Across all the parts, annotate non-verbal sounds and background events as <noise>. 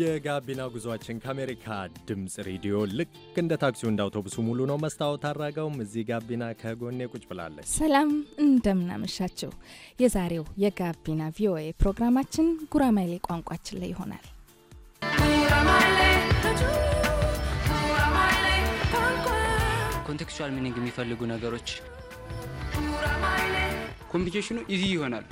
የጋቢና ጉዟችን ከአሜሪካ ድምፅ ሬዲዮ ልክ እንደ ታክሲው እንደ አውቶቡሱ ሙሉ ነው። መስታወት አድራጋውም እዚህ ጋቢና ከጎኔ ቁጭ ብላለች። ሰላም እንደምናመሻችው። የዛሬው የጋቢና ቪኦኤ ፕሮግራማችን ጉራማይሌ ቋንቋችን ላይ ይሆናል። ኮንቴክስቹዋል ሚኒንግ የሚፈልጉ ነገሮች ኮምፒቴሽኑ ኢዚ ይሆናል።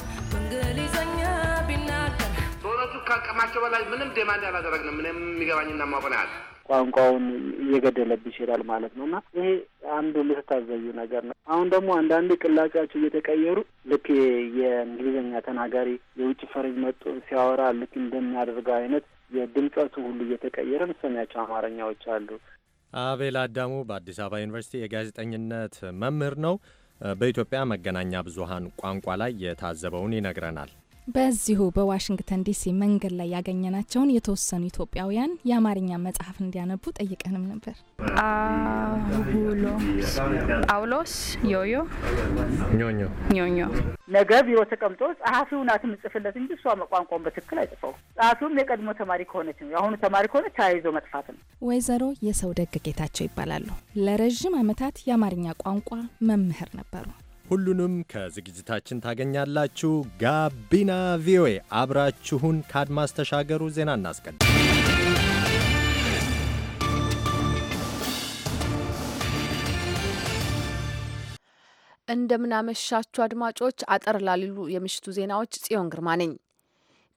ከአቅማቸው በላይ ምንም ዴማንድ አላደረግንም። ምንም የሚገባኝና ማቆን ያህል ቋንቋውን እየገደለብሽ ይችላል ማለት ነው እና ይሄ አንዱ ልትታዘዩ ነገር ነው። አሁን ደግሞ አንዳንድ ቅላጫቸው እየተቀየሩ ልክ የእንግሊዝኛ ተናጋሪ የውጭ ፈረጅ መጡ ሲያወራ ልክ እንደሚያደርገው አይነት የድምጸቱ ሁሉ እየተቀየረ ምሰሚያቸው አማርኛዎች አሉ። አቤል አዳሙ በአዲስ አበባ ዩኒቨርሲቲ የጋዜጠኝነት መምህር ነው። በኢትዮጵያ መገናኛ ብዙኃን ቋንቋ ላይ የታዘበውን ይነግረናል። በዚሁ በዋሽንግተን ዲሲ መንገድ ላይ ያገኘናቸውን የተወሰኑ ኢትዮጵያውያን የአማርኛ መጽሐፍ እንዲያነቡ ጠይቀንም ነበር። ጳውሎስ ዮዮ ኞኞ ኞኞ ነገ ቢሮ ተቀምጦ ጸሐፊው ናት የምጽፍለት እንጂ እሷ ቋንቋውን በትክክል አይጽፈው። ጸሐፊውም የቀድሞ ተማሪ ከሆነች ነው። የአሁኑ ተማሪ ከሆነ ተያይዞ መጥፋት ነው። ወይዘሮ የሰው ደግ ጌታቸው ይባላሉ። ለረዥም ዓመታት የአማርኛ ቋንቋ መምህር ነበሩ። ሁሉንም ከዝግጅታችን ታገኛላችሁ። ጋቢና ቪኦኤ፣ አብራችሁን ከአድማስ ተሻገሩ። ዜና እናስቀድም። እንደምናመሻችሁ አድማጮች፣ አጠር ላሉ የምሽቱ ዜናዎች ጽዮን ግርማ ነኝ።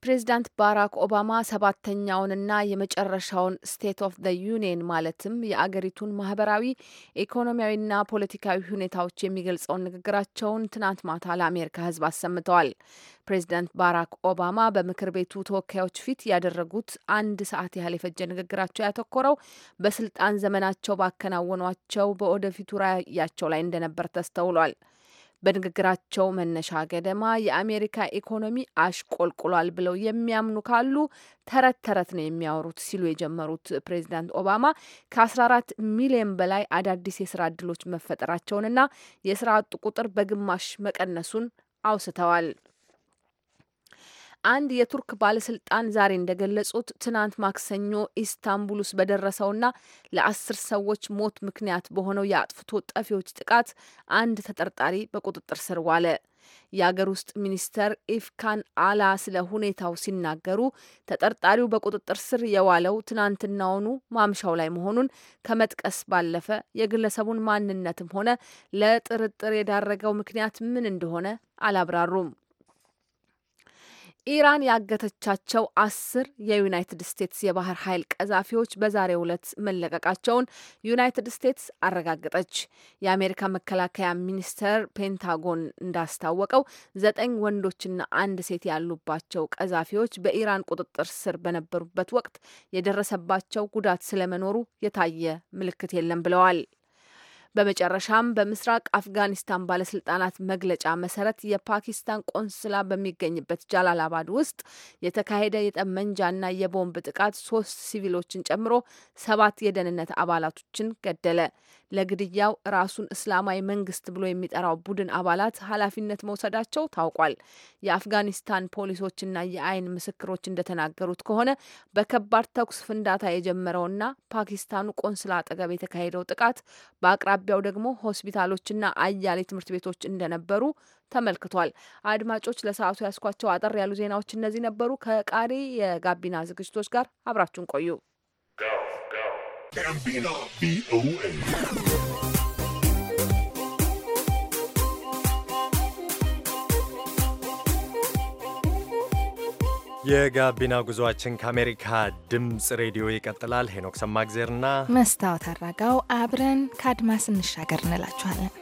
ፕሬዚዳንት ባራክ ኦባማ ሰባተኛውንና የመጨረሻውን ስቴት ኦፍ ዘ ዩኒየን ማለትም የአገሪቱን ማህበራዊ ኢኮኖሚያዊና ፖለቲካዊ ሁኔታዎች የሚገልጸውን ንግግራቸውን ትናንት ማታ ለአሜሪካ ሕዝብ አሰምተዋል። ፕሬዚዳንት ባራክ ኦባማ በምክር ቤቱ ተወካዮች ፊት ያደረጉት አንድ ሰዓት ያህል የፈጀ ንግግራቸው ያተኮረው በስልጣን ዘመናቸው ባከናወኗቸው በወደፊቱ ራዕያቸው ላይ እንደነበር ተስተውሏል። በንግግራቸው መነሻ ገደማ የአሜሪካ ኢኮኖሚ አሽቆልቁሏል ብለው የሚያምኑ ካሉ ተረት ተረት ነው የሚያወሩት ሲሉ የጀመሩት ፕሬዚዳንት ኦባማ ከ14 ሚሊዮን በላይ አዳዲስ የስራ እድሎች መፈጠራቸውንና የስራ አጡ ቁጥር በግማሽ መቀነሱን አውስተዋል። አንድ የቱርክ ባለስልጣን ዛሬ እንደገለጹት ትናንት ማክሰኞ ኢስታንቡል ውስጥ በደረሰውና ለአስር ሰዎች ሞት ምክንያት በሆነው የአጥፍቶ ጠፊዎች ጥቃት አንድ ተጠርጣሪ በቁጥጥር ስር ዋለ። የአገር ውስጥ ሚኒስተር ኢፍካን አላ ስለ ሁኔታው ሲናገሩ ተጠርጣሪው በቁጥጥር ስር የዋለው ትናንትናውኑ ማምሻው ላይ መሆኑን ከመጥቀስ ባለፈ የግለሰቡን ማንነትም ሆነ ለጥርጥር የዳረገው ምክንያት ምን እንደሆነ አላብራሩም። ኢራን ያገተቻቸው አስር የዩናይትድ ስቴትስ የባህር ኃይል ቀዛፊዎች በዛሬው ዕለት መለቀቃቸውን ዩናይትድ ስቴትስ አረጋገጠች። የአሜሪካ መከላከያ ሚኒስቴር ፔንታጎን እንዳስታወቀው ዘጠኝ ወንዶችና አንድ ሴት ያሉባቸው ቀዛፊዎች በኢራን ቁጥጥር ስር በነበሩበት ወቅት የደረሰባቸው ጉዳት ስለመኖሩ የታየ ምልክት የለም ብለዋል። በመጨረሻም በምስራቅ አፍጋኒስታን ባለስልጣናት መግለጫ መሰረት የፓኪስታን ቆንስላ በሚገኝበት ጃላላባድ ውስጥ የተካሄደ የጠመንጃና የቦምብ ጥቃት ሶስት ሲቪሎችን ጨምሮ ሰባት የደህንነት አባላቶችን ገደለ። ለግድያው ራሱን እስላማዊ መንግስት ብሎ የሚጠራው ቡድን አባላት ኃላፊነት መውሰዳቸው ታውቋል። የአፍጋኒስታን ፖሊሶችና የአይን ምስክሮች እንደተናገሩት ከሆነ በከባድ ተኩስ ፍንዳታ የጀመረውና ፓኪስታኑ ቆንስላ አጠገብ የተካሄደው ጥቃት በአቅራቢ በአቅራቢያው ደግሞ ሆስፒታሎችና አያሌ ትምህርት ቤቶች እንደነበሩ ተመልክቷል። አድማጮች ለሰዓቱ ያስኳቸው አጠር ያሉ ዜናዎች እነዚህ ነበሩ። ከቃሪ የጋቢና ዝግጅቶች ጋር አብራችሁን ቆዩ። የጋቢና ጉዞአችን ከአሜሪካ ድምፅ ሬዲዮ ይቀጥላል። ሄኖክ ሰማግዜርና መስታወት አራጋው አብረን ከአድማስ እንሻገር እንላችኋለን።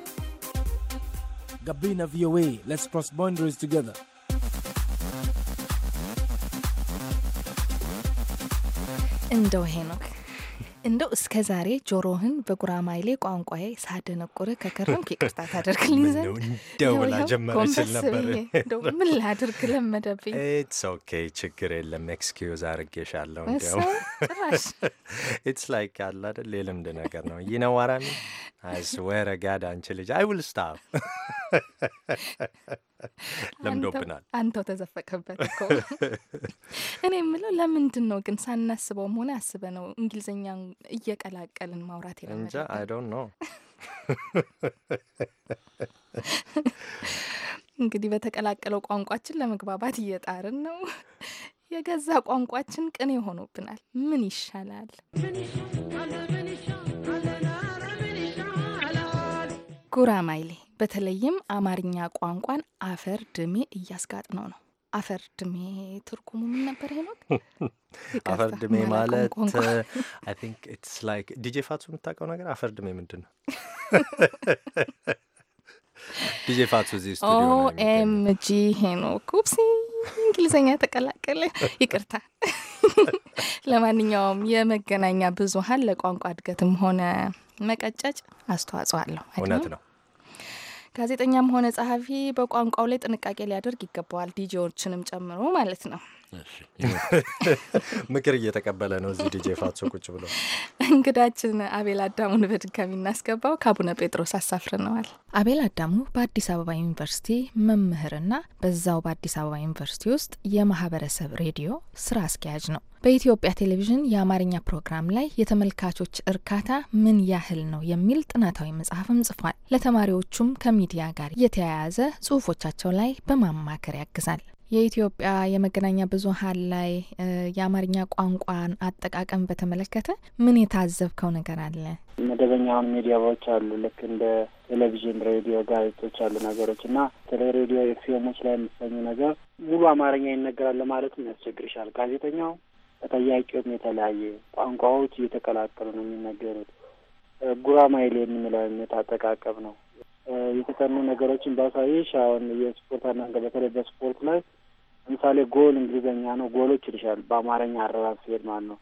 ጋቢና ቪኦኤ ሌትስ ክሮስ ቦንደሪስ ቱጌዘር እንደው ሄኖክ እንደው እስከ ዛሬ ጆሮህን በጉራማይሌ ቋንቋዬ ሳደነቁረ ከከረም ይቅርታ ታደርግልኝ ዘንድ እንደው ብላ ስል ነበር። ምን ላድርግ ለመደብኝ። ኢትስ ኦኬ ችግር የለም ኤክስኪዩዝ አድርጌሻለሁ። እንደው ኢትስ ላይክ <laughs> አለ አይደል የልምድ ነገር ነው። ይነዋራሚ አይስዌረ ጋድ አንቺ ልጅ አይ ውል ስታፕ <laughs> ለምዶብናል። አንተው ተዘፈቀበት እኮ። <laughs> እኔ የምለው ለምንድን ነው ግን ሳናስበውም ሆነ አስበ ነው እንግሊዝኛ እየቀላቀልን ማውራት የለመደ አይ ዶንት ኖ እንግዲህ በተቀላቀለው ቋንቋችን ለመግባባት እየጣርን ነው። <laughs> የገዛ ቋንቋችን ቅኔ ሆኖብናል። ምን ይሻላል? ጉራማይሌ በተለይም አማርኛ ቋንቋን አፈር ድሜ እያስጋጥነው ነው አፈር ድሜ ትርጉሙ ምን ነበር ሄኖክ? <laughs> አፈር ድሜ ማለት አይ ቲንክ ኢትስ ላይክ ዲጄ ፋቱ የምታውቀው ነገር አፈር ድሜ ምንድን ነው? <laughs> ዲጄ ፋቱ እዚህ ስቱዲዮ ኦኤምጂ ሄኖክ ኩፕሲ እንግሊዝኛ ተቀላቀለ። ይቅርታ። <laughs> ለማንኛውም የመገናኛ ብዙኃን ለቋንቋ እድገትም ሆነ መቀጨጭ አስተዋጽኦ አለው። እውነት ነው። ጋዜጠኛም ሆነ ጸሐፊ በቋንቋው ላይ ጥንቃቄ ሊያደርግ ይገባዋል፣ ዲጂዎችንም ጨምሮ ማለት ነው። <laughs> ምክር እየተቀበለ ነው እዚህ ዲጄ ፋቶ ቁጭ ብሎ። እንግዳችን አቤል አዳሙን በድጋሚ እናስገባው። ከአቡነ ጴጥሮስ አሳፍርነዋል። አቤል አዳሙ በአዲስ አበባ ዩኒቨርሲቲ መምህርና በዛው በአዲስ አበባ ዩኒቨርሲቲ ውስጥ የማህበረሰብ ሬዲዮ ስራ አስኪያጅ ነው። በኢትዮጵያ ቴሌቪዥን የአማርኛ ፕሮግራም ላይ የተመልካቾች እርካታ ምን ያህል ነው የሚል ጥናታዊ መጽሐፍም ጽፏል። ለተማሪዎቹም ከሚዲያ ጋር የተያያዘ ጽሁፎቻቸው ላይ በማማከር ያግዛል። የኢትዮጵያ የመገናኛ ብዙኃን ላይ የአማርኛ ቋንቋን አጠቃቀም በተመለከተ ምን የታዘብከው ነገር አለ? መደበኛውን ሚዲያዎች አሉ፣ ልክ እንደ ቴሌቪዥን፣ ሬዲዮ፣ ጋዜጦች አሉ ነገሮች እና ቴሌ ሬዲዮ ኤፍኤሞች ላይ የምሰኙ ነገር ሙሉ አማርኛ ይነገራል ለማለትም ያስቸግርሻል። ጋዜጠኛው ተጠያቂውም የተለያየ ቋንቋዎች እየተቀላቀሉ ነው የሚነገሩት። ጉራማይሌ የምንለው አይነት አጠቃቀም ነው። የተጠኑ ነገሮችን ባሳይሽ አሁን የስፖርት አናንገ በተለይ በስፖርት ላይ ለምሳሌ ጎል እንግሊዝኛ ነው፣ ጎሎች ይልሻል በአማርኛ አረራር ሲሄድ ማለት ነው።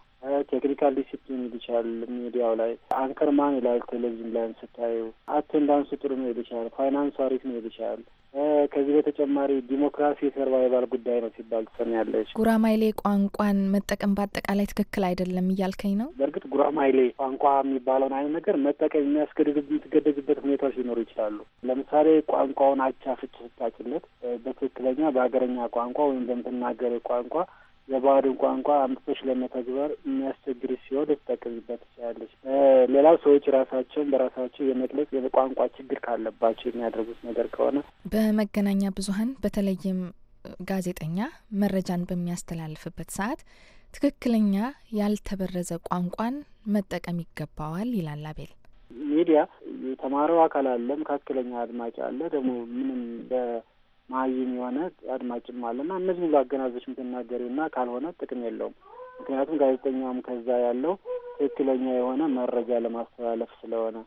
ቴክኒካል ዲሲፕሊን ይልሻል ሚዲያው ላይ፣ አንከርማን ይላል ቴሌቪዥን ላይም ስታዩ፣ አቴንዳንስ ጥሩ ነው ይልሻል፣ ፋይናንስ አሪፍ ነው ይልሻል። ከዚህ በተጨማሪ ዲሞክራሲ ሰርቫይቫል ጉዳይ ነው ሲባል ትሰሚያለሽ። ጉራማይሌ ቋንቋን መጠቀም በአጠቃላይ ትክክል አይደለም እያልከኝ ነው? በእርግጥ ጉራማይሌ ቋንቋ የሚባለውን አይነት ነገር መጠቀም የሚያስገድድበት ሁኔታዎች ሊኖሩ ይችላሉ። ለምሳሌ ቋንቋውን አቻ ፍች ስታጭለት በትክክለኛ በሀገረኛ ቋንቋ ወይም በምትናገር ቋንቋ የባህሪው ቋንቋ አምጥቶች ለመተግበር የሚያስቸግር ሲሆን ልትጠቀምበት ትችላለች። ሌላው ሰዎች ራሳቸውን በራሳቸው የመግለጽ የቋንቋ ችግር ካለባቸው የሚያደርጉት ነገር ከሆነ በመገናኛ ብዙኃን በተለይም ጋዜጠኛ መረጃን በሚያስተላልፍበት ሰዓት ትክክለኛ ያልተበረዘ ቋንቋን መጠቀም ይገባዋል ይላል አቤል። ሚዲያ የተማረው አካል አለ፣ መካከለኛ አድማጭ አለ፣ ደግሞ ምንም መሀይም የሆነ አድማጭም አለና እነዚህ ሁሉ አገናዘች የምትናገሪና ካልሆነ ጥቅም የለውም። ምክንያቱም ጋዜጠኛውም ከዛ ያለው ትክክለኛ የሆነ መረጃ ለማስተላለፍ ስለሆነ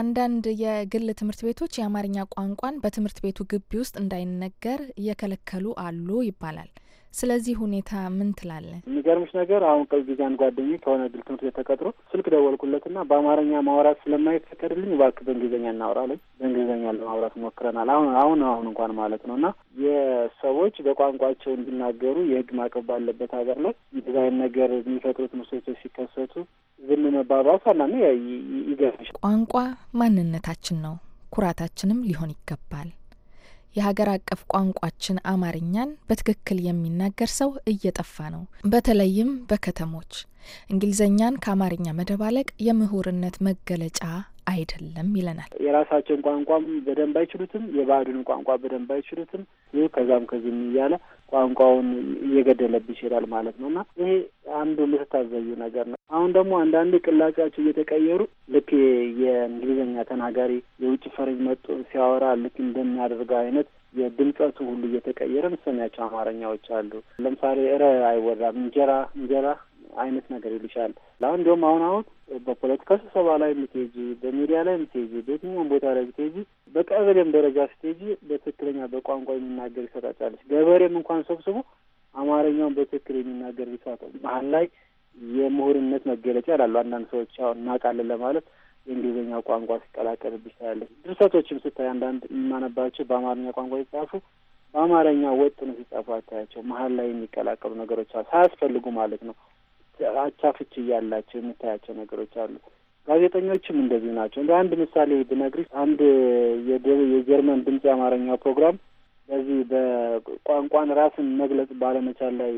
አንዳንድ የግል ትምህርት ቤቶች የአማርኛ ቋንቋን በትምህርት ቤቱ ግቢ ውስጥ እንዳይነገር እየከለከሉ አሉ ይባላል። ስለዚህ ሁኔታ ምን ትላለን? የሚገርምሽ ነገር አሁን ከዚህ ጋር ጓደኝ ከሆነ ድል ትምህርት ቤት ተቀጥሮ ስልክ ደወልኩለትና በአማርኛ ማውራት ስለማይፈቀድልኝ እባክህ በእንግሊዝኛ እናውራለኝ። በእንግሊዝኛ ለማውራት ሞክረናል። አሁን አሁን አሁን እንኳን ማለት ነው እና የሰዎች በቋንቋቸው እንዲናገሩ የህግ ማዕቀብ ባለበት ሀገር ላይ እንደዛ ነገር የሚፈጥሩ ትምህርቶች ሲከሰቱ ዝም መባባስ አላና ይገርምሻል። ቋንቋ ማንነታችን ነው፣ ኩራታችንም ሊሆን ይገባል። የሀገር አቀፍ ቋንቋችን አማርኛን በትክክል የሚናገር ሰው እየጠፋ ነው፣ በተለይም በከተሞች። እንግሊዝኛን ከአማርኛ መደባለቅ የምሁርነት መገለጫ አይደለም ይለናል። የራሳቸውን ቋንቋም በደንብ አይችሉትም፣ የባዕዱንም ቋንቋ በደንብ አይችሉትም። ይህ ከዛም ከዚህም እያለ ቋንቋውን እየገደለብ ይችላል ማለት ነው እና ይሄ አንዱ ልትታዘዩ ነገር ነው። አሁን ደግሞ አንዳንድ ቅላጫቸው እየተቀየሩ ልክ የእንግሊዝኛ ተናጋሪ የውጭ ፈረንጅ መጡ ሲያወራ ልክ እንደሚያደርገው አይነት የድምጸቱ ሁሉ እየተቀየረ ምሰሚያቸው አማርኛዎች አሉ። ለምሳሌ እረ አይወራም እንጀራ እንጀራ አይነት ነገር ይሉሻል። ለአሁን እንዲሁም አሁን አሁን በፖለቲካ ስብሰባ ላይ የምትሄጂ፣ በሚዲያ ላይ የምትሄጂ፣ በየትኛውም ቦታ ላይ ብትሄጂ፣ በቀበሌም ደረጃ ስትሄጂ በትክክለኛ በቋንቋ የሚናገር ይሰጣጫለች። ገበሬም እንኳን ሰብስቦ አማርኛውን በትክክል የሚናገር ይሰጣል። መሀል ላይ የምሁርነት መገለጫ ይላሉ አንዳንድ ሰዎች። አሁን እናውቃለን ለማለት የእንግሊዝኛ ቋንቋ ሲቀላቀልብሽ ታያለሽ። ድርሰቶችም ስታይ አንዳንድ የማነባቸው በአማርኛ ቋንቋ ሲጻፉ በአማርኛ ወጥ ነው ሲጻፉ አታያቸው። መሀል ላይ የሚቀላቀሉ ነገሮች አሉ፣ ሳያስፈልጉ ማለት ነው። አቻፍች እያላቸው የምታያቸው ነገሮች አሉ። ጋዜጠኞችም እንደዚህ ናቸው። እንደ አንድ ምሳሌ ብነግርሽ አንድ የጀርመን ድምፅ የአማርኛ ፕሮግራም በዚህ በቋንቋን ራስን መግለጽ ባለመቻል ላይ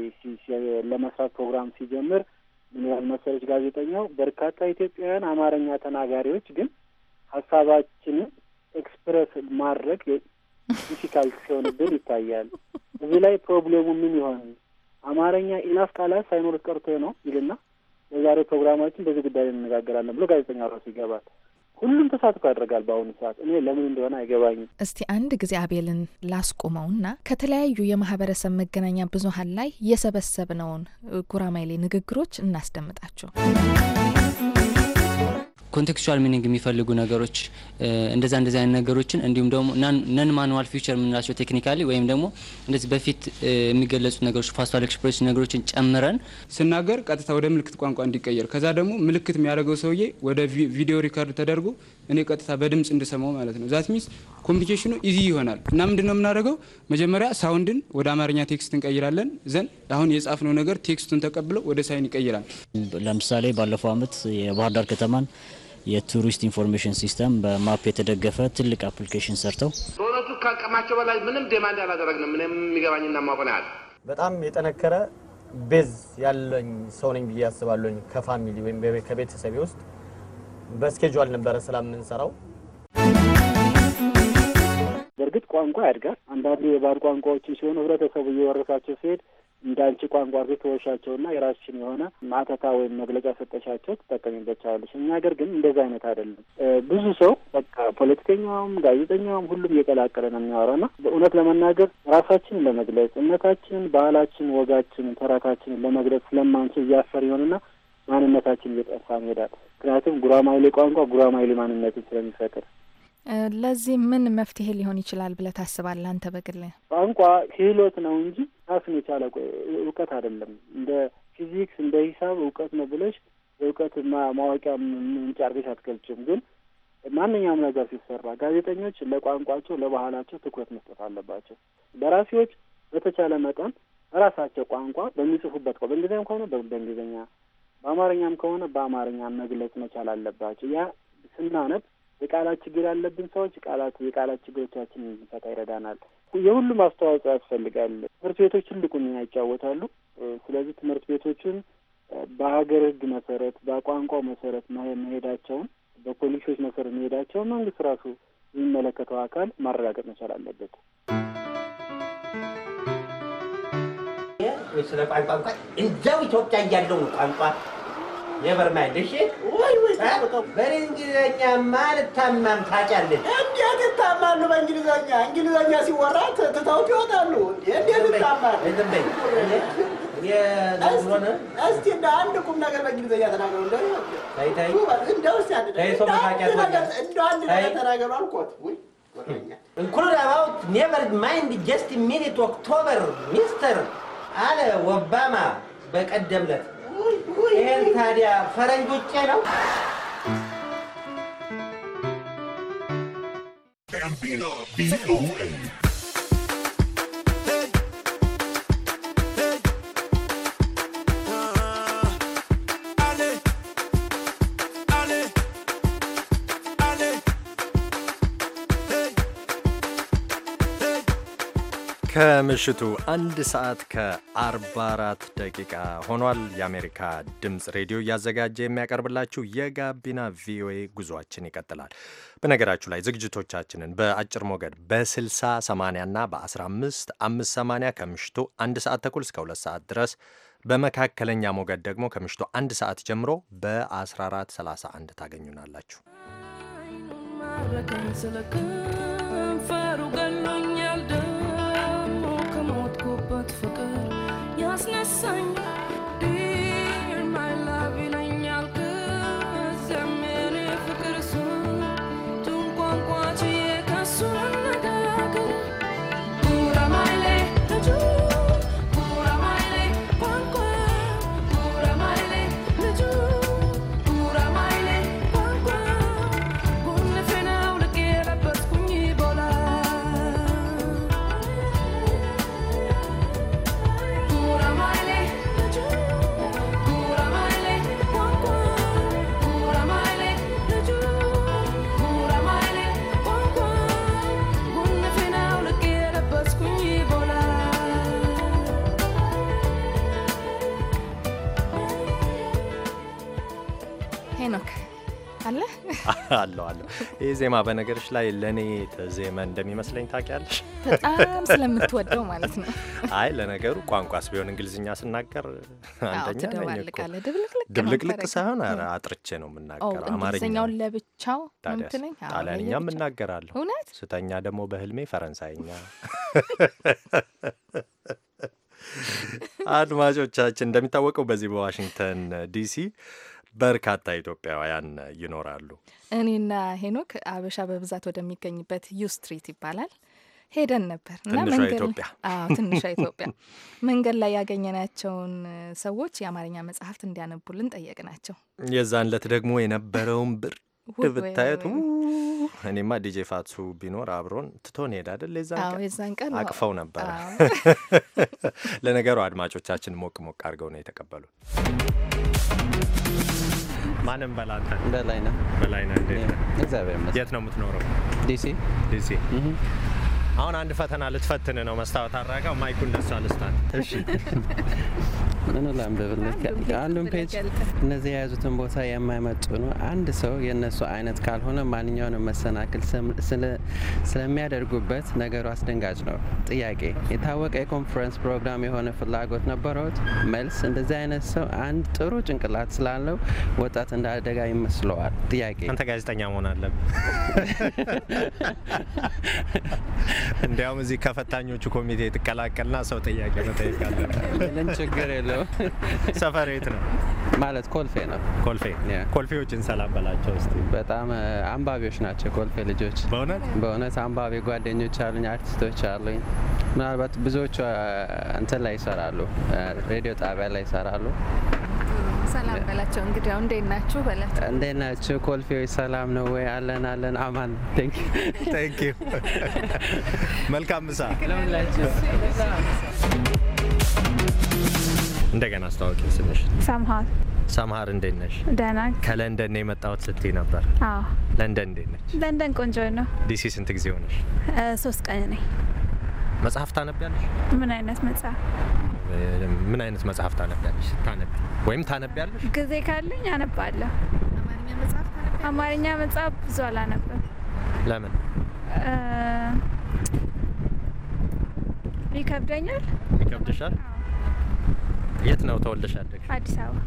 ለመስራት ፕሮግራም ሲጀምር መሰለች ጋዜጠኛው በርካታ ኢትዮጵያውያን አማርኛ ተናጋሪዎች ግን ሀሳባችንን ኤክስፕረስ ማድረግ ዲፊካልት ሲሆንብን ይታያል። እዚህ ላይ ፕሮብሌሙ ምን ይሆን? አማርኛ ኢናፍ ቃላት ሳይኖር ቀርቶ ነው ይልና የዛሬ ፕሮግራማችን በዚህ ጉዳይ እንነጋገራለን ብሎ ጋዜጠኛው ራሱ ይገባል። ሁሉም ተሳትፎ ያደርጋል። በአሁኑ ሰዓት እኔ ለምን እንደሆነ አይገባኝም። እስቲ አንድ ጊዜ አቤልን ላስቆመውና ከተለያዩ የማህበረሰብ መገናኛ ብዙኃን ላይ የሰበሰብነውን ጉራማይሌ ንግግሮች እናስደምጣቸው። ኮንቴክስቹዋል ሚኒንግ የሚፈልጉ ነገሮች እንደዛ እንደዚ አይነት ነገሮችን እንዲሁም ደግሞ ነን ማኑዋል ፊውቸር የምንላቸው ቴክኒካሊ ወይም ደግሞ እንደዚህ በፊት የሚገለጹ ነገሮች ፋስቷል ኤክስፕሬሽን ነገሮችን ጨምረን ስናገር ቀጥታ ወደ ምልክት ቋንቋ እንዲቀየር ከዛ ደግሞ ምልክት የሚያደርገው ሰውዬ ወደ ቪዲዮ ሪከርድ ተደርጎ እኔ ቀጥታ በድምጽ እንድሰማው ማለት ነው። ዛት ሚንስ ኮሚኒኬሽኑ ኢዚ ይሆናል እና ምንድን ነው የምናደርገው? መጀመሪያ ሳውንድን ወደ አማርኛ ቴክስት እንቀይራለን። ዘን አሁን የጻፍነው ነገር ቴክስቱን ተቀብለው ወደ ሳይን ይቀይራል። ለምሳሌ ባለፈው አመት የባህር ዳር ከተማን የቱሪስት ኢንፎርሜሽን ሲስተም በማፕ የተደገፈ ትልቅ አፕሊኬሽን ሰርተው በእውነቱ ከአቅማቸው በላይ ምንም ዴማንድ አላደረግንም። ምንም የሚገባኝና ማቆን ያለ በጣም የጠነከረ ቤዝ ያለኝ ሰው ነኝ ብዬ ያስባለኝ ከፋሚሊ ወይም ከቤተሰቤ ውስጥ በስኬጁል ነበረ ስለምንሰራው። በእርግጥ ቋንቋ ያድጋል። አንዳንዱ የባህል ቋንቋዎችን ሲሆኑ ህብረተሰቡ እየወረሳቸው ሲሄድ እንደ አንቺ ቋንቋ አድርገሽ ና የራስሽን የሆነ ማተታ ወይም መግለጫ ሰጠሻቸው ትጠቀሚበቻዋለሽ። እኛ ሀገር ግን እንደዚ አይነት አይደለም። ብዙ ሰው በቃ ፖለቲከኛውም፣ ጋዜጠኛውም ሁሉም እየቀላቀለ ነው ና በእውነት ለመናገር ራሳችን ለመግለጽ እምነታችንን፣ ባህላችን፣ ወጋችንን፣ ተረታችንን ለመግለጽ ስለማንችል እያፈር ይሆንና ማንነታችን እየጠፋ ይሄዳል። ምክንያቱም ጉራማይሌ ቋንቋ ጉራማይሌ ማንነትን ስለሚፈጥር ለዚህ ምን መፍትሄ ሊሆን ይችላል ብለህ ታስባለህ አንተ በግል? ቋንቋ ክህሎት ነው እንጂ ራሱን የቻለ እውቀት አይደለም። እንደ ፊዚክስ እንደ ሂሳብ እውቀት ነው ብለሽ እውቀት ማወቂያ ምንጭ አድርገሽ አትገልጭም። ግን ማንኛውም ነገር ሲሰራ ጋዜጠኞች ለቋንቋቸው ለባህላቸው ትኩረት መስጠት አለባቸው። ደራሲዎች በተቻለ መጠን በራሳቸው ቋንቋ በሚጽፉበት ቋንቋ በእንግሊዝኛም ከሆነ በእንግሊዝኛ፣ በአማርኛም ከሆነ በአማርኛ መግለጽ መቻል አለባቸው። ያ ስናነብ የቃላት ችግር ያለብን ሰዎች ቃላት የቃላት ችግሮቻችንን እንዲፈታ ይረዳናል። የሁሉም አስተዋጽኦ ያስፈልጋል። ትምህርት ቤቶች ትልቁን ሚና ይጫወታሉ። ስለዚህ ትምህርት ቤቶችን በሀገር ህግ መሰረት በቋንቋው መሰረት መሄዳቸውን በፖሊሲዎች መሰረት መሄዳቸውን መንግስት ራሱ የሚመለከተው አካል ማረጋገጥ መቻል አለበት። ስለ ቋንቋ እንኳን እዛው ኢትዮጵያ እያለው ነው ቋንቋ የበርማይ ድሼ ወይ ወይ በእንግሊዘኛማ ልታማም ታውቂያለሽ? እንዴት ይታማሉ? በእንግሊዘኛ እንግሊዘኛ ሲወራ ትተውት ይወጣሉ። እንዴት እስቲ እንደ አንድ ቁም ነገር ተናገሩ። እንደ አንድ ነገር ተናገሩ ኢንክሉድ አባውት ኔቨር ማይንድ ጀስት ሚኒት ኦክቶበር ሚስተር አለ ኦባማ በቀደም ዕለት ይህን ታዲያ ፈረንጅ ውጭ ነው። ከምሽቱ አንድ ሰዓት ከ44 ደቂቃ ሆኗል። የአሜሪካ ድምፅ ሬዲዮ እያዘጋጀ የሚያቀርብላችሁ የጋቢና ቪኦኤ ጉዟችን ይቀጥላል። በነገራችሁ ላይ ዝግጅቶቻችንን በአጭር ሞገድ በ60 80 እና በ15 580 ከምሽቱ አንድ ሰዓት ተኩል እስከ ሁለት ሰዓት ድረስ በመካከለኛ ሞገድ ደግሞ ከምሽቱ አንድ ሰዓት ጀምሮ በ1431 ታገኙናላችሁ። አለዋለሁ። ይህ ዜማ በነገሮች ላይ ለእኔ ተዜመ እንደሚመስለኝ ታውቂያለሽ፣ በጣም ስለምትወደው ማለት ነው። <laughs> አይ ለነገሩ ቋንቋስ ቢሆን እንግሊዝኛ ስናገር አንደኛ ድብልቅልቅ ሳይሆን አጥርቼ ነው የምናገር። አማርኛውን ለብቻው ምትለኝ፣ ጣሊያንኛም እናገራለሁ። እውነት ስተኛ ደግሞ በህልሜ ፈረንሳይኛ <laughs> አድማጮቻችን እንደሚታወቀው በዚህ በዋሽንግተን ዲሲ በርካታ ኢትዮጵያውያን ይኖራሉ። እኔና ሄኖክ አበሻ በብዛት ወደሚገኝበት ዩ ስትሪት ይባላል ሄደን ነበር ትንሿ ኢትዮጵያ መንገድ ላይ ያገኘናቸውን ሰዎች የአማርኛ መጽሐፍት እንዲያነቡልን ጠየቅናቸው። የዛን ለት ደግሞ የነበረውን ብር ብታየቱ እኔማ ዲጄ ፋቱ ቢኖር አብሮን ትቶን ሄድ አደል? የዛን ቀን አቅፈው ነበረ። ለነገሩ አድማጮቻችን ሞቅ ሞቅ አድርገው ነው የተቀበሉት። ማንም በላንተ በላይ ነህ በላይ ነህ። እንዴት ነህ? እግዚአብሔር ይመስገን። የት ነው የምትኖረው? ዲሲ ዲሲ። አሁን አንድ ፈተና ልትፈትን ነው መስታወት አድራጋው ማይኩ ለሷ ልስጣት። እሺ ምን ላንብብልህ? አንዱን ፔጅ እነዚህ የያዙትን ቦታ የማይመጡ ነው። አንድ ሰው የእነሱ አይነት ካልሆነ ማንኛውንም መሰናክል ስለሚያደርጉበት ነገሩ አስደንጋጭ ነው። ጥያቄ፣ የታወቀ የኮንፈረንስ ፕሮግራም የሆነ ፍላጎት ነበረውት መልስ፣ እንደዚህ አይነት ሰው አንድ ጥሩ ጭንቅላት ስላለው ወጣት እንዳደጋ ይመስለዋል። ጥያቄ፣ አንተ ጋዜጠኛ መሆን አለብ። <laughs> እንዲያውም እዚህ ከፈታኞቹ ኮሚቴ ትቀላቀልና ሰው ጥያቄ መጠየቅ አለ። ችግር የለ ነው። <laughs> ሰፈር ቤት ነው? ማለት ኮልፌ ነው። ኮልፌ ኮልፌዎችን ሰላም በላቸው ስ በጣም አንባቢዎች ናቸው ኮልፌ ልጆች። በእውነት በእውነት አንባቢ ጓደኞች አሉኝ፣ አርቲስቶች አሉኝ። ምናልባት ብዙዎቹ እንትን ላይ ይሰራሉ፣ ሬዲዮ ጣቢያ ላይ ይሰራሉ። ሰላም በላቸው እንግዲህ። እንዴት ናችሁ በላቸው። እንዴት ናችሁ ኮልፌዎች፣ ሰላም ነው ወይ? አለን አለን፣ አማን ቴንክ ዩ። <laughs> መልካም ምሳ እንደገና አስተዋወቂ ስንሽ። ሰምሀር ሰምሀር፣ እንዴት ነሽ? ደህና። ከለንደን ነው የመጣሁት ስትይ ነበር። ለንደን እንዴት ነች? ለንደን ቆንጆ ነው። ዲሲ ስንት ጊዜ ሆነሽ? ሶስት ቀን ነኝ። መጽሐፍ ታነቢያለሽ? ምን አይነት መጽሐፍ ምን አይነት መጽሐፍ ታነቢያለሽ? ታነቢ ወይም ታነቢያለሽ? ጊዜ ካለኝ አነባለሁ። አማርኛ መጽሐፍ ብዙ አላነብም። ለምን? ይከብደኛል። ይከብድሻል? የት ነው ተወልደሽ ያደግሽ? አዲስ አበባ።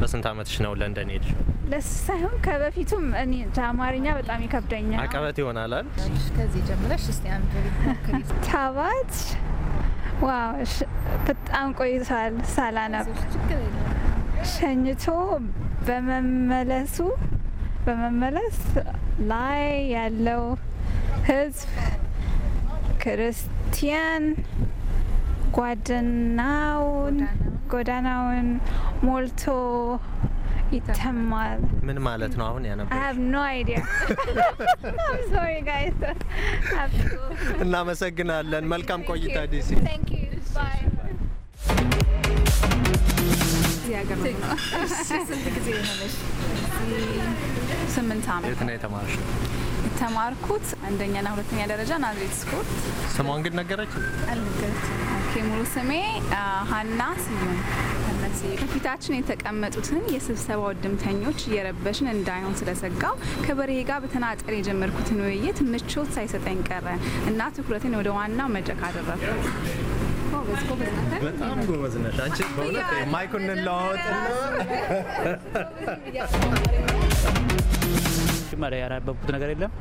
በስንት አመትሽ ነው ለንደን ሄድሽ? ለስ ሳይሆን ከበፊቱም እኔ አማርኛ በጣም ይከብደኛል። አቀበት ይሆናል አይደል? ከዚህ ጀምረሽ እስቲ አንዱ ታባት ዋው በጣም ቆይቷል ሳላነብ ሸኝቶ በመመለሱ በመመለስ ላይ ያለው ህዝብ ክርስቲያን ጓደናውን ጎዳናውን ሞልቶ ይተማል። ምን ማለት ነው? አሁን ያነበ አይ ሃቭ ኖ አይዲያ። ሶሪ ጋይስ። እናመሰግናለን። መልካም ቆይታ ዲሲ። ታንክ ዩ ባይ። ስምንት ዓመት። የት ነው የተማርሽው? የተማርኩት አንደኛና ሁለተኛ ደረጃ ናዝሬት ስኩል። ስሟን ግን ነገረች አልነገረች ሙሉ ስሜ ሀና ስዩም ከፊታችን የተቀመጡትን የስብሰባ እድምተኞች እየረበሽን እንዳይሆን ስለሰጋው ከበሬ ጋር በተናጠር የጀመርኩትን ውይይት ምቾት ሳይሰጠኝ ቀረ እና ትኩረትን ወደ ዋናው መድረክ አደረኩ። በጣም ጎበዝ ነሽ አንቺ በእውነት ማይኩን መጀመሪያ ያነበብኩት ነገር የለም።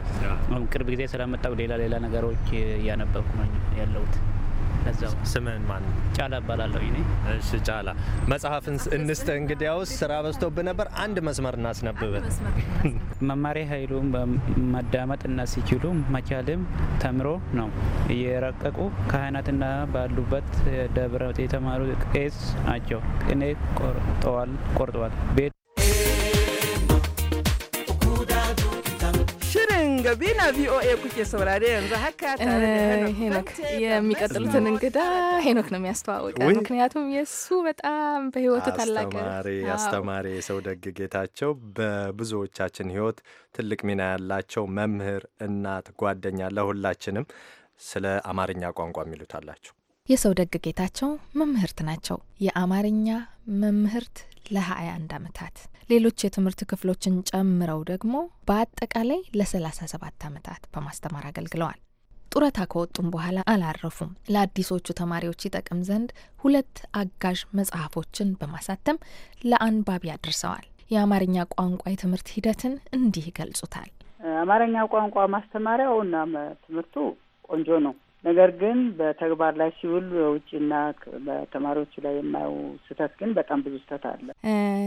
ቅርብ ጊዜ ስለመጣሁ ሌላ ሌላ ነገሮች እያነበብኩ ነው ያለሁት። እዛው። ማን? ጫላ እባላለሁ እኔ። እሺ ጫላ፣ መጽሐፍን እንስተ እንግዲያውስ፣ ስራ በዝቶብህ ነበር። አንድ መስመር እናስነብበ መማሪያ ኃይሉም እና ሲችሉ መቻልም ተምሮ ነው። እየረቀቁ ካህናትና ባሉበት ደብረ የተማሩ ቄስ ናቸው። ቅኔ ቆርጠዋል ቆርጠዋል ቤት ጋቢና ቪኦኤ kuke saurare yanzu haka የሚቀጥሉትን እንግዳ ሄኖክ ነው የሚያስተዋውቀው። ምክንያቱም የእሱ በጣም በህይወቱ ታላቅ አስተማሪ የሰው ደግ ጌታቸው በብዙዎቻችን ህይወት ትልቅ ሚና ያላቸው መምህር፣ እናት፣ ጓደኛ ለሁላችንም ስለ አማርኛ ቋንቋ የሚሉት አላቸው። የሰው ደግ ጌታቸው መምህርት ናቸው። የአማርኛ መምህርት ለ21 ዓመታት ሌሎች የትምህርት ክፍሎችን ጨምረው ደግሞ በአጠቃላይ ለ37 ዓመታት በማስተማር አገልግለዋል። ጡረታ ከወጡም በኋላ አላረፉም። ለአዲሶቹ ተማሪዎች ይጠቅም ዘንድ ሁለት አጋዥ መጽሐፎችን በማሳተም ለአንባቢ አድርሰዋል። የአማርኛ ቋንቋ የትምህርት ሂደትን እንዲህ ይገልጹታል። አማርኛ ቋንቋ ማስተማሪያውና ትምህርቱ ቆንጆ ነው። ነገር ግን በተግባር ላይ ሲውል በውጭና በተማሪዎቹ ላይ የማየው ስህተት ግን በጣም ብዙ ስህተት አለ።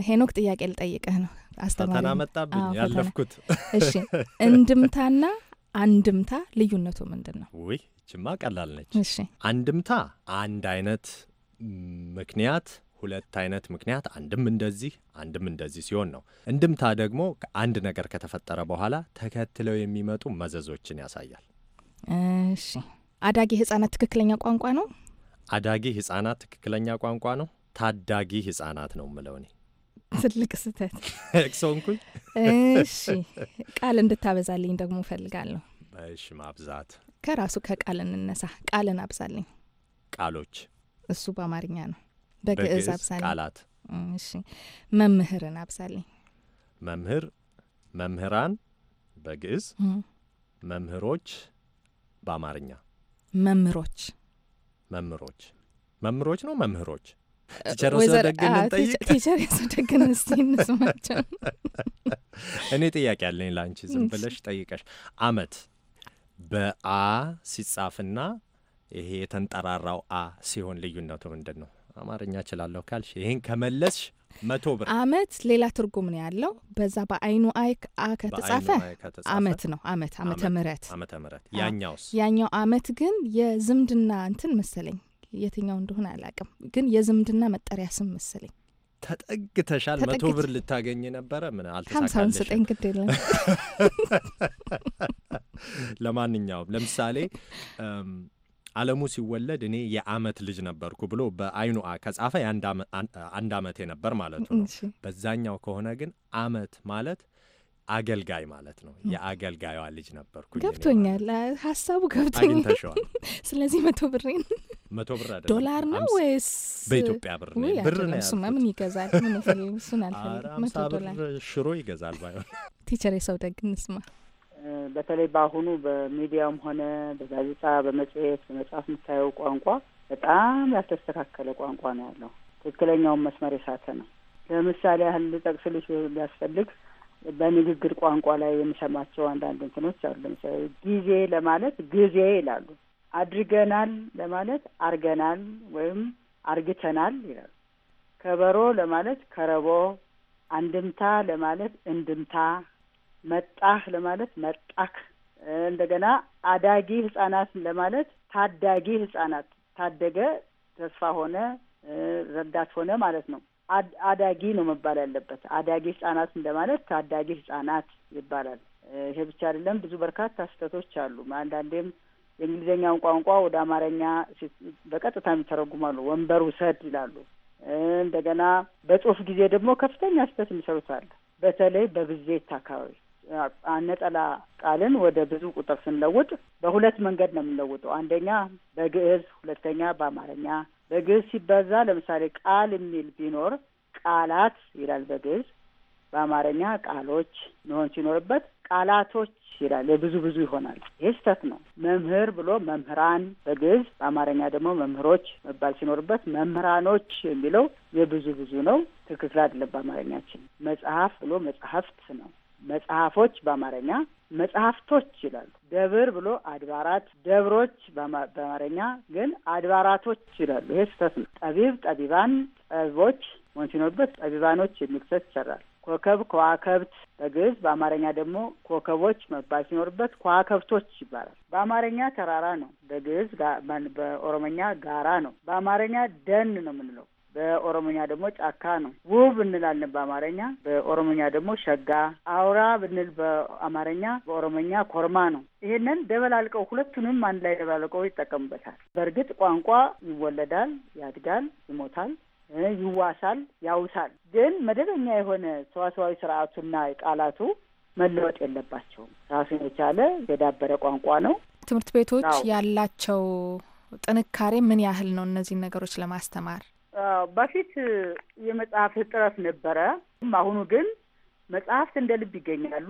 ሄኖክ ጥያቄ ልጠይቅህ ነው። አስተማሪ መጣብኝ ያለፍኩት። እሺ እንድምታና አንድምታ ልዩነቱ ምንድን ነው? ውይ ችማ ቀላል ነች። እሺ አንድምታ አንድ አይነት ምክንያት ሁለት አይነት ምክንያት አንድም እንደዚህ አንድም እንደዚህ ሲሆን ነው። እንድምታ ደግሞ አንድ ነገር ከተፈጠረ በኋላ ተከትለው የሚመጡ መዘዞችን ያሳያል። እሺ አዳጊ ህጻናት ትክክለኛ ቋንቋ ነው? አዳጊ ህጻናት ትክክለኛ ቋንቋ ነው። ታዳጊ ህጻናት ነው ምለው እኔ። ትልቅ ስህተት ክሰውንኩኝ። እሺ ቃል እንድታበዛልኝ ደግሞ እፈልጋለሁ። እሺ ማብዛት ከራሱ ከቃል እንነሳ። ቃልን አብዛልኝ። ቃሎች እሱ በአማርኛ ነው። በግዕዝ አብዛልኝ ቃላት። እሺ መምህርን አብዛልኝ። መምህር መምህራን በግዕዝ መምህሮች በአማርኛ መምህሮች መምህሮች መምህሮች ነው መምህሮች ቲቸር ወሰደግን ያስወደግን እስቲ እንስማቸው። <laughs> እኔ ጥያቄ ያለኝ ለአንቺ ዝም ብለሽ ጠይቀሽ አመት በአ ሲጻፍና ይሄ የተንጠራራው አ ሲሆን ልዩነቱ ምንድን ነው? አማርኛ እችላለሁ ካልሽ ይህን ከመለስሽ መቶ ብር አመት ሌላ ትርጉም ነው ያለው። በዛ በአይኑ አይ ከተጻፈ አመት ነው አመት አመተ ምህረት አመተ ምህረት ያኛውስ ያኛው አመት ግን የዝምድና እንትን መሰለኝ የትኛው እንደሆነ አላውቅም፣ ግን የዝምድና መጠሪያ ስም መሰለኝ። ተጠግተሻል። መቶ ብር ልታገኝ ነበረ። ምን አልተሳካልሽም። ስጠኝ ግድ የለም። ለማንኛውም ለምሳሌ <laughs> አለሙ ሲወለድ እኔ የአመት ልጅ ነበርኩ ብሎ በአይኑአ ከጻፈ አንድ አመቴ ነበር ማለቱ ነው። በዛኛው ከሆነ ግን አመት ማለት አገልጋይ ማለት ነው። የአገልጋዩዋ ልጅ ነበርኩ። ገብቶኛል፣ ሀሳቡ ገብቶኛል። ስለዚህ መቶ ብሬን መቶ ብር አይደለም ዶላር ነው ወይስ በኢትዮጵያ ብር ነው? ብር ነው። እሱማ ምን ይገዛል? ምን እሱን አልፈልግም። መቶ ዶላር ሽሮ ይገዛል ባይሆን ቲቸር የሰው ደግ እንስማ በተለይ በአሁኑ በሚዲያም ሆነ በጋዜጣ፣ በመጽሔት፣ በመጽሐፍ የምታየው ቋንቋ በጣም ያልተስተካከለ ቋንቋ ነው ያለው። ትክክለኛውን መስመር የሳተ ነው። ለምሳሌ ያህል ልጠቅስልሽ ቢያስፈልግ በንግግር ቋንቋ ላይ የሚሰማቸው አንዳንድ እንትኖች አሉ። ለምሳሌ ጊዜ ለማለት ጊዜ ይላሉ። አድርገናል ለማለት አርገናል ወይም አርግተናል ይላሉ። ከበሮ ለማለት ከረቦ፣ አንድምታ ለማለት እንድምታ መጣህ ለማለት መጣክ፣ እንደገና አዳጊ ህጻናት ለማለት ታዳጊ ህጻናት፣ ታደገ ተስፋ ሆነ ረዳት ሆነ ማለት ነው። አዳጊ ነው መባል ያለበት። አዳጊ ህጻናት እንደማለት ታዳጊ ህጻናት ይባላል። ይሄ ብቻ አይደለም፣ ብዙ በርካታ ስህተቶች አሉ። አንዳንዴም የእንግሊዝኛውን ቋንቋ ወደ አማርኛ በቀጥታ የሚተረጉማሉ። ወንበር ውሰድ ይላሉ። እንደገና በጽሁፍ ጊዜ ደግሞ ከፍተኛ ስህተት የሚሰሩት አለ። በተለይ በብዜት አካባቢ ነጠላ ቃልን ወደ ብዙ ቁጥር ስንለውጥ በሁለት መንገድ ነው የምንለውጠው። አንደኛ በግዕዝ፣ ሁለተኛ በአማርኛ። በግዕዝ ሲበዛ ለምሳሌ ቃል የሚል ቢኖር ቃላት ይላል በግዕዝ። በአማርኛ ቃሎች መሆን ሲኖርበት ቃላቶች ይላል። የብዙ ብዙ ይሆናል። ይህ ስህተት ነው። መምህር ብሎ መምህራን በግዕዝ፣ በአማርኛ ደግሞ መምህሮች መባል ሲኖርበት መምህራኖች የሚለው የብዙ ብዙ ነው። ትክክል አይደለም። በአማርኛችን መጽሐፍ ብሎ መጽሐፍት ነው። መጽሐፎች በአማርኛ መጽሐፍቶች ይላሉ። ደብር ብሎ አድባራት፣ ደብሮች በአማርኛ ግን አድባራቶች ይላሉ። ይሄ ስህተት ነው። ጠቢብ፣ ጠቢባን፣ ጠቢቦች መሆን ሲኖርበት ጠቢባኖች የሚል ስህተት ይሰራል። ኮከብ፣ ከዋከብት በግዕዝ በአማርኛ ደግሞ ኮከቦች መባል ሲኖርበት ከዋከብቶች ይባላል። በአማርኛ ተራራ ነው፣ በግዕዝ በኦሮመኛ ጋራ ነው። በአማርኛ ደን ነው የምንለው በኦሮሞኛ ደግሞ ጫካ ነው። ውብ እንላለን በአማርኛ፣ በኦሮሞኛ ደግሞ ሸጋ። አውራ ብንል በአማርኛ፣ በኦሮሞኛ ኮርማ ነው። ይሄንን ደበላልቀው ሁለቱንም አንድ ላይ ደበላልቀው ይጠቀሙበታል። በእርግጥ ቋንቋ ይወለዳል፣ ያድጋል፣ ይሞታል፣ ይዋሳል፣ ያውሳል። ግን መደበኛ የሆነ ሰዋሰዋዊ ስርዓቱና ቃላቱ መለወጥ የለባቸውም። ራሱን የቻለ የዳበረ ቋንቋ ነው። ትምህርት ቤቶች ያላቸው ጥንካሬ ምን ያህል ነው? እነዚህን ነገሮች ለማስተማር በፊት የመጽሐፍ እጥረት ነበረ። አሁኑ ግን መጽሐፍት እንደ ልብ ይገኛሉ።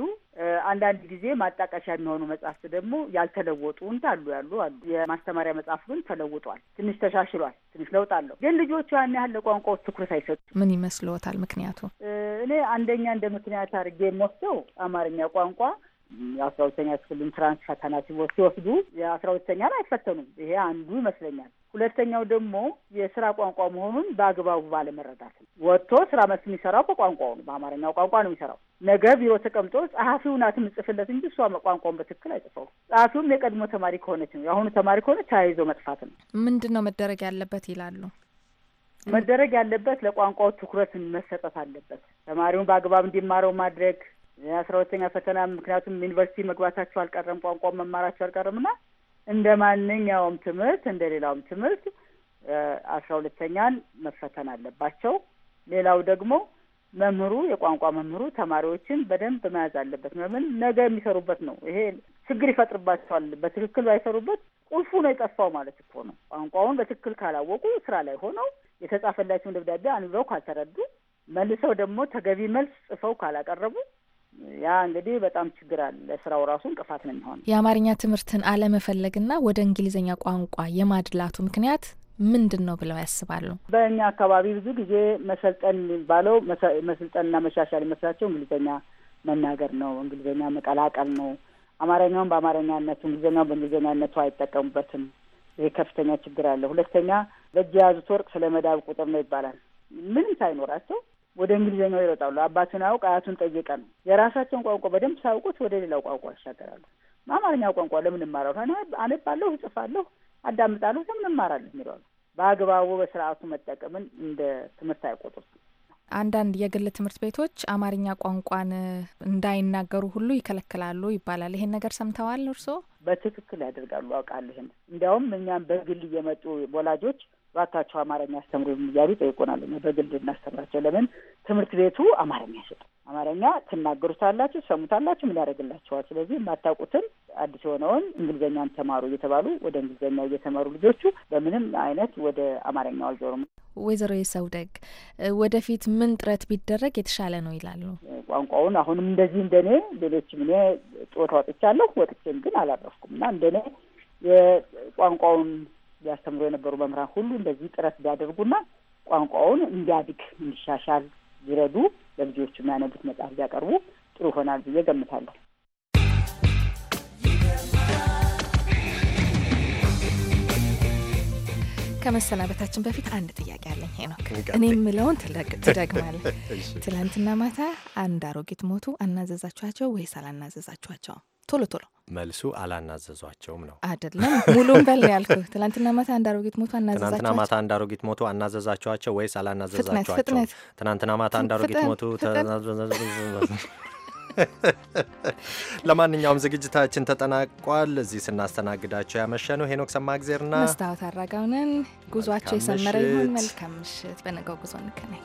አንዳንድ ጊዜ ማጣቀሻ የሚሆኑ መጽሐፍት ደግሞ ያልተለወጡ እንዳሉ ያሉ አሉ። የማስተማሪያ መጽሐፍ ግን ተለውጧል፣ ትንሽ ተሻሽሏል፣ ትንሽ ለውጥ አለው። ግን ልጆቹ ያን ያህል ለቋንቋው ትኩረት አይሰጡ። ምን ይመስልዎታል ምክንያቱ? እኔ አንደኛ እንደ ምክንያት አድርጌ የምወስደው አማርኛ ቋንቋ የአስራ ሁለተኛ ክፍል ኢንትራንስ ፈተና ሲወስዱ የአስራ ሁለተኛን አይፈተኑም። ይሄ አንዱ ይመስለኛል። ሁለተኛው ደግሞ የስራ ቋንቋ መሆኑን በአግባቡ ባለመረዳት ነው። ወጥቶ ስራ መስ የሚሰራው በቋንቋው ነው፣ በአማርኛው ቋንቋ ነው የሚሰራው። ነገ ቢሮ ተቀምጦ ጸሐፊው ናት የምጽፍለት እንጂ እሷ ቋንቋውን በትክክል አይጽፈው። ጸሐፊውም የቀድሞ ተማሪ ከሆነች ነው፣ የአሁኑ ተማሪ ከሆነ ተያይዞ መጥፋት ነው። ምንድን ነው መደረግ ያለበት ይላሉ? መደረግ ያለበት ለቋንቋው ትኩረት መሰጠት አለበት። ተማሪውን በአግባብ እንዲማረው ማድረግ የአስራ ሁለተኛ ፈተና ምክንያቱም ዩኒቨርሲቲ መግባታቸው አልቀረም፣ ቋንቋ መማራቸው አልቀረም እና እንደ ማንኛውም ትምህርት እንደ ሌላውም ትምህርት አስራ ሁለተኛን መፈተን አለባቸው። ሌላው ደግሞ መምህሩ የቋንቋ መምህሩ ተማሪዎችን በደንብ መያዝ አለበት። ምን ነገ የሚሰሩበት ነው። ይሄ ችግር ይፈጥርባቸዋል። በትክክል ባይሰሩበት ቁልፉ ነው የጠፋው ማለት እኮ ነው። ቋንቋውን በትክክል ካላወቁ ስራ ላይ ሆነው የተጻፈላቸውን ደብዳቤ አንብበው ካልተረዱ መልሰው ደግሞ ተገቢ መልስ ጽፈው ካላቀረቡ ያ እንግዲህ በጣም ችግር አለ። ለስራው ራሱ እንቅፋት ነው የሚሆን። የአማርኛ ትምህርትን አለመፈለግና ወደ እንግሊዝኛ ቋንቋ የማድላቱ ምክንያት ምንድን ነው ብለው ያስባሉ? በእኛ አካባቢ ብዙ ጊዜ መሰልጠን የሚባለው መሰልጠንና መሻሻል ይመስላቸው እንግሊዝኛ መናገር ነው፣ እንግሊዝኛ መቀላቀል ነው። አማርኛውን በአማርኛነቱ እንግሊዝኛውን በእንግሊዝኛነቱ አይጠቀሙበትም። ይሄ ከፍተኛ ችግር አለ። ሁለተኛ በእጅ የያዙት ወርቅ ስለ መዳብ ቁጥር ነው ይባላል። ምንም ሳይኖራቸው ወደ እንግሊዝኛው ይረጣሉ። አባቱን አውቅ አያቱን ጠየቀ ነው። የራሳቸውን ቋንቋ በደንብ ሳውቁት ወደ ሌላው ቋንቋ ይሻገራሉ። አማርኛ ቋንቋ ለምን እማራለሁ? አነባለሁ፣ እጽፋለሁ፣ አዳምጣለሁ፣ ለምን እማራለሁ የሚለዋሉ። በአግባቡ በስርዓቱ መጠቀምን እንደ ትምህርት አይቆጥሩት። አንዳንድ የግል ትምህርት ቤቶች አማርኛ ቋንቋን እንዳይናገሩ ሁሉ ይከለክላሉ ይባላል። ይሄን ነገር ሰምተዋል እርስዎ? በትክክል ያደርጋሉ፣ አውቃለሁ። እንዲያውም እኛም በግል እየመጡ ወላጆች እባካቸው አማርኛ አስተምሮ እያሉ ይጠይቁናል። በግል እናስተምራቸው። ለምን ትምህርት ቤቱ አማርኛ ይሰጡ? አማርኛ ትናገሩታላችሁ፣ ሰሙታላችሁ ምን ያደርግላችኋል? ስለዚህ የማታውቁትን አዲስ የሆነውን እንግሊዝኛን ተማሩ እየተባሉ ወደ እንግሊዝኛ እየተመሩ ልጆቹ በምንም አይነት ወደ አማርኛው አልዞሩም። ወይዘሮ የሰው ደግ ወደፊት ምን ጥረት ቢደረግ የተሻለ ነው ይላሉ? ቋንቋውን አሁንም እንደዚህ እንደኔ ሌሎችም እኔ ጡት ወጥቻለሁ፣ ወጥቼም ግን አላረፍኩም እና እንደኔ የቋንቋውን ያስተምሩ የነበሩ መምህራን ሁሉ እንደዚህ ጥረት ቢያደርጉና ቋንቋውን እንዲያድግ እንዲሻሻል ይረዱ፣ ለልጆች የሚያነቡት መጽሐፍ ቢያቀርቡ ጥሩ ይሆናል ብዬ ገምታለሁ። ከመሰናበታችን በፊት አንድ ጥያቄ አለኝ ሄኖክ። እኔ የምለውን <laughs> ትደግማል። ትላንትና ማታ አንድ አሮጊት ሞቱ። አናዘዛችኋቸው ወይስ አላናዘዛችኋቸውም? ቶሎ ቶሎ መልሱ አላናዘዟቸውም ነው። አይደለም ሙሉም በል ያልኩ። ትናንትና ማታ አንድ አሮጊት ሞቶ አናዘዛቸው። ትናንትና ማታ አንድ አሮጊት ሞቶ አናዘዛቸዋቸው ወይስ አላናዘዛቸዋቸው? ትናንትና ማታ አንድ አሮጊት ሞቶ <laughs> ለማንኛውም ዝግጅታችን ተጠናቋል። እዚህ ስናስተናግዳቸው ያመሸነው ሄኖክ ሰማእግዜርና መስታወት አራጋውንን። ጉዟቸው የሰመረ ይሁን። መልካም ምሽት። በነገው ጉዞ እንገናኝ።